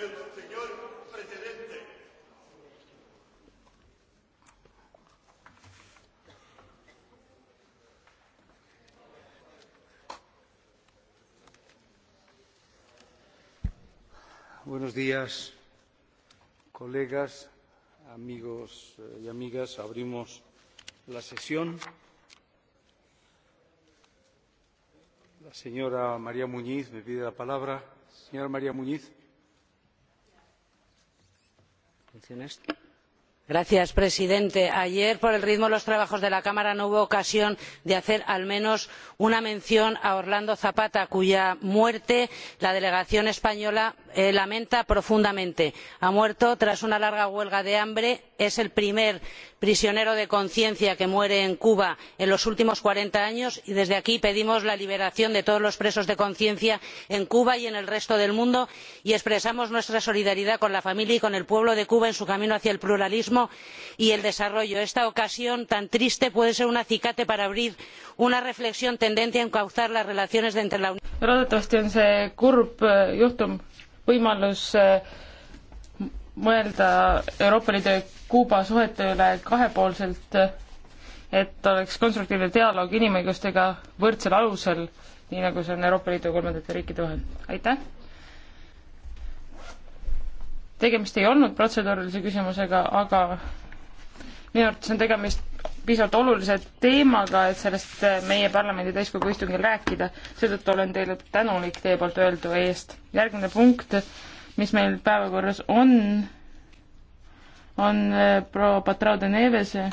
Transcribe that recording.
el señor presidente. Buenos días, colegas, amigos eh, y amigas. Abrimos la sesión. La señora María Muñiz me pide la palabra. Señora María Muñiz señor presidente ayer por el ritmo de los trabajos de la cámara no hubo ocasión de hacer al menos una mención a orlando zapata cuya muerte la delegación española valora. Eh, lamenta profundamente. ha muerto tras una larga huelga de hambre es el primer prisionero de conciencia que muere en cuba en los últimos cuarenta años y desde aquí pedimos la liberación de todos los presos de conciencia en cuba y en el resto del mundo y expresamos nuestra solidaridad con la familia y con el pueblo de cuba en su camino hacia el pluralismo y el desarrollo. esta ocasión tan triste puede ser un acicate para abrir una reflexión tendente a encauzar las relaciones entre la unión. loodetavasti on see kurb eh, juhtum võimalus äh, mõelda Euroopa Liidu ja Kuuba suhete üle kahepoolselt, et oleks konstruktiivne dialoog inimõigustega võrdsel alusel, nii nagu see on Euroopa Liidu kolmandate riikide vahel. aitäh! tegemist ei olnud protseduurilise küsimusega, aga minu arvates on tegemist piisavalt olulise teemaga, et sellest äh, meie parlamendi täiskogu istungil rääkida. seetõttu olen teile tänulik teie poolt öeldu eest. järgmine punkt, mis meil päevakorras on, on äh, proua Patrao de Nevese